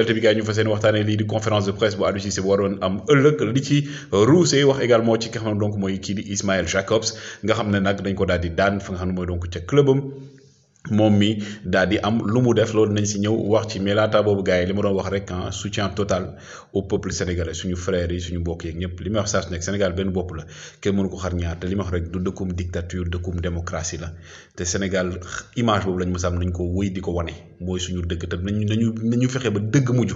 actualité bi gars ñu fa seen waxtaanee lii di conférence de presse bu Aliou Cissé bu waroon am ëllëg li ci ruusee wax également ci ki xam donc moy ki di Ismaël Jacobs nga xam nak dañ ko daldi di daan fa nga xam moy donc ci clubum mom mi daldi am lu mu def loolu nañ ci ñew wax ci Melata bobu gaay gars li ma doon wax rek en hein, soutien total au peuple sénégalais suñu frères yi suñu mbokk yeeg ñëpp li wax sax nek Sénégal benn bop la kenn mënu ko xar ñaar te li wax rek du dëkkum dictature dëkkum démocratie la te Sénégal image boobu lañ mos am nañ ko wëy diko ko mooy suñu dëgg te nañu nañu nañu fexe ba dëgg mujj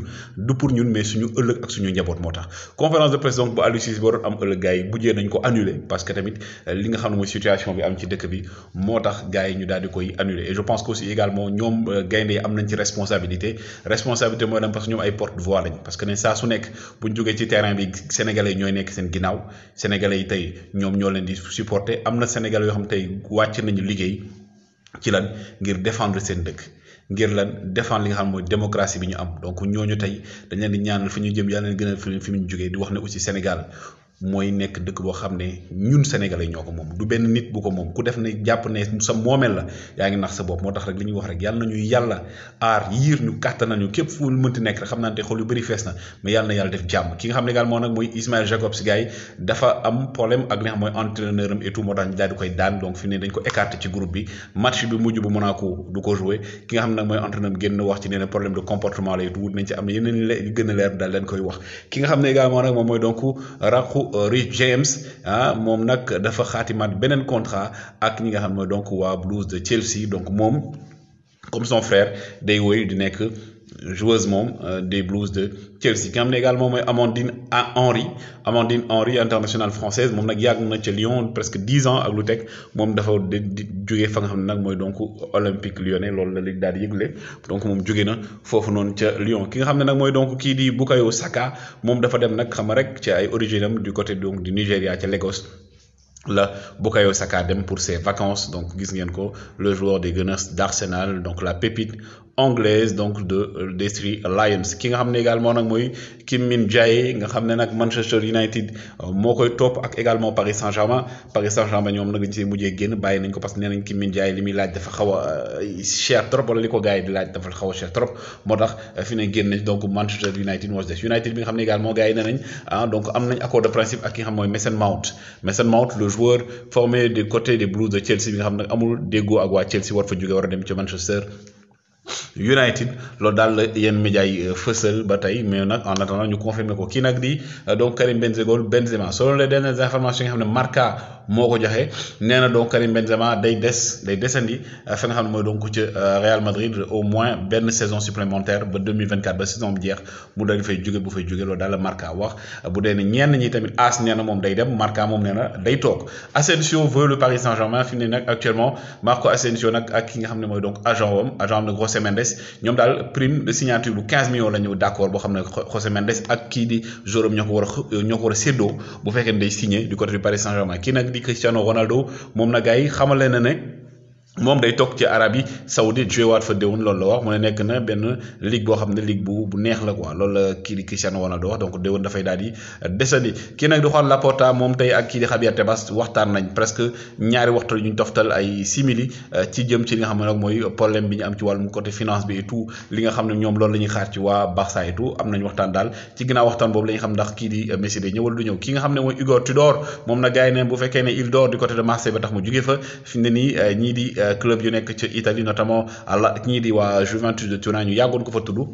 du pour ñun mais suñu ëllëg ak suñu njaboot moo tax conférence de presse donc bu Aliou Cissé waroon am ëllëg gars yi mujjee nañ ko annulé parce que tamit euh, li nga xam ne mooy situation bi am ci dëkk bi moo tax gars yi ñu daal di koy annulé et je pense que aussi également ñoom euh, gaynde yi am nañ ci responsabilité responsabilité mooy lan parce que ñoom ay porte voix lañ parce que ne saa su nekk buñ jógee ci terrain bi sénégalais yi ñooy nekk seen ginnaaw sénégalais yi tey ñoom ñoo leen di supporter am na sénégalais yoo xam tey wàcc nañu liggéey ci lan ngir défendre seen dëkk ngir lan défendre li nga xam mooy démocratie bi ñu am donc ñooñu tey dañ leen di ñaanal fi ñu jëm yàlla leen gënal fi fi ñu jógee di wax ne aussi Sénégal mooy nekk dëkk boo xam ne ñun sénégalais ñoo ko moom du benn nit bu ko moom ku def ne jàpp ne sa moomeel la yaa ngi nax sa bopp moo tax rek li ñuy wax rek na mais yàlla na yàlla def jàmm ki nga xam ne également ñu daal daan donc fi ne dañ ko écarté ci groupe bi match bi mujj bu Monaco du ko joué ki nga xam ne nag mooy entraîneur am génn wax ci nee problème de comportement la et tout nañ ci am yeneen yu gën a leer daal leen koy wax ki nga xam ne également nag moom mooy donc raqu Euh, Rich James ah, mom nak dafa xaatimaat benen contrat ak ñi nga xam donc wa Blues de Chelsea donc mom comme son frère day woy di nekk joueuse euh, des Blues de Chelsea ki nga également Amandine Amandine Henry Amandine Henry internationale française mom nak yàgg na ci Lyon presque 10 ans ak lu mom dafa di jógee fa nga xam nak moy donc Olympique Lyonnais loolu la léegi daal di donc mom jóge na fofu non ci Lyon ki nga xam nak moy donc ki di Bukayo Saka mom dafa dem nak xama rek ci ay origine du côté donc du Nigeria, ci Lagos. la Bukayo Saka dem pour ses vacances donc gis ngeen ko le joueur des Gunners d'Arsenal donc la pépite anglaise donc de euh, des Three Lions ki nga xamné également nak moy Kim Min Jae nga xamné nak Manchester United euh, moo koy top ak également Paris Saint-Germain Paris Saint-Germain ñom nak ñu ci mujjé génn bayé nañ ko parce que nee nañ Kim Min Jae limi laaj dafa xawa euh, cher trop wala liko ko di laaj dafa xawa cher trop motax fi donc Manchester United was this United bi nga xamné également gars nañ ah, donc am nañ accord de principe ak ki nga xam moy Mason Mount Mason Mount le joueur formé du côté des Blues de Chelsea bi nga xam nak amul quoi ak wa Chelsea war fa jóge war dem ci Manchester United loolu daal yenn médias euh, fësal ba tey mais nag en attendant ñu confirmer ko kii nag di euh, donc Karim Benzema Benzema selon les dernières informations yi nga xam ne Marca moko ko joxe nee donc Karim Benzema day dess day desandi euh, fa nga xam ne donc ci euh, Real Madrid au moins ben saison supplémentaire ba 2024 ba saison bi jeex mu daal fay jóge bu fay jóge lo daal la Marca wax bu dee ne ñi tamit AS nee mom day dem Marca mom nee day tok Asensio veut le Paris Saint-Germain fi ne actuellement Marco Asensio nak ak ki nga xamne moy donc agent wam agent de na José Mendes ñom dal prime de signature bu 15 millions la ñu d' accord boo xam ne José Mendes ak ki di joueur ñoko wara ñoko wara seddo bu fekkee day signer du côté du Paris Saint-Germain ki nak di Cristiano Ronaldo moom na gars yi xamal ne. moom day toog ci Arabie Saoudite jouewaat fa déwén loolu la wax mu nekk na benn ligue boo xam ne ligue bu bu neex la quoi loolu la kii di Cristiano Ronaldo wax donc déwén dafay daal di kii nag di waxtaan nañ presque ñaari waxtu ñu toftal ay simili euh, ci xam ne mooy problème bi ñu am ci waa Barça tout am nañ waxtaan daal ci ginnaaw waxtaan boobu la ñuy xam ndax kii di Messi ñëwal du ñëw ki nga xam ne mooy Igor Tudor moom na gars neen bu fekkee ne il dort du côté de Marseille ba tax mu jugee fa fi ne euh, club yu nek ci Italie notamment la ñii di Juventus de Turin ñu yàggoon ko fa tuddu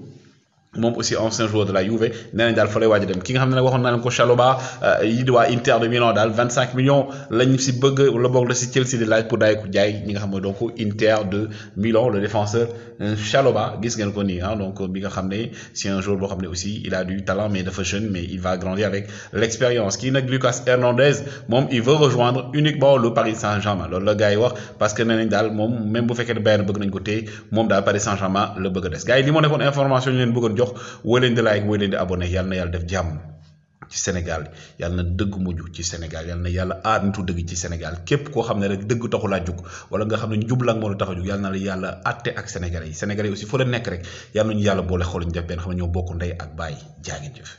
moom aussi ancien joueur de la Juve nee nañ daal fa lay waaj dem ki nga xam ne nag waxoon naa leen ko Chaloba euh, yi di waa Inter de Milan daal 25 millions lañ si bëgg la boog la si Chelsea di laaj pour daay ko jaay ñi nga xam ne donc Inter de Milan le défenseur euh, Chaloba. gis ngeen ko nii ah donc bi nga xam ne c'est un joueur boo xam ne aussi il a du talent mais dafa jeune mais il va grandir avec l'expérience kii nag Lucas Hernandez moom il veut rejoindre uniquement le Paris Saint-Germain loolu la gars yi wax parce que nee nañ daal moom même bu fekkee ne Bayern bëgg nañ ko téye moom daal Paris Saint-Germain la bëgg a des gars yi li moo nekkoon information ñu leen bëggoon jox wooy leen di like wooy leen di abonné yàlla na yàlla def jàmm ci Sénégal yàlla na dëgg mujj ci Sénégal yàlla na yàlla aar nitu dëgg ci Sénégal képp koo xam ne rek dëgg taxu laa jug wala nga xam ne njub la moo la tax a jug yàlla na yàlla àtte ak Sénégalais yi Sénégalais yi aussi foo leen nekk rek yàlla nañu yàlla boole xool ñu def benn xam ne ñoo bokk ndey ak bàyyi jaa ngeen jëf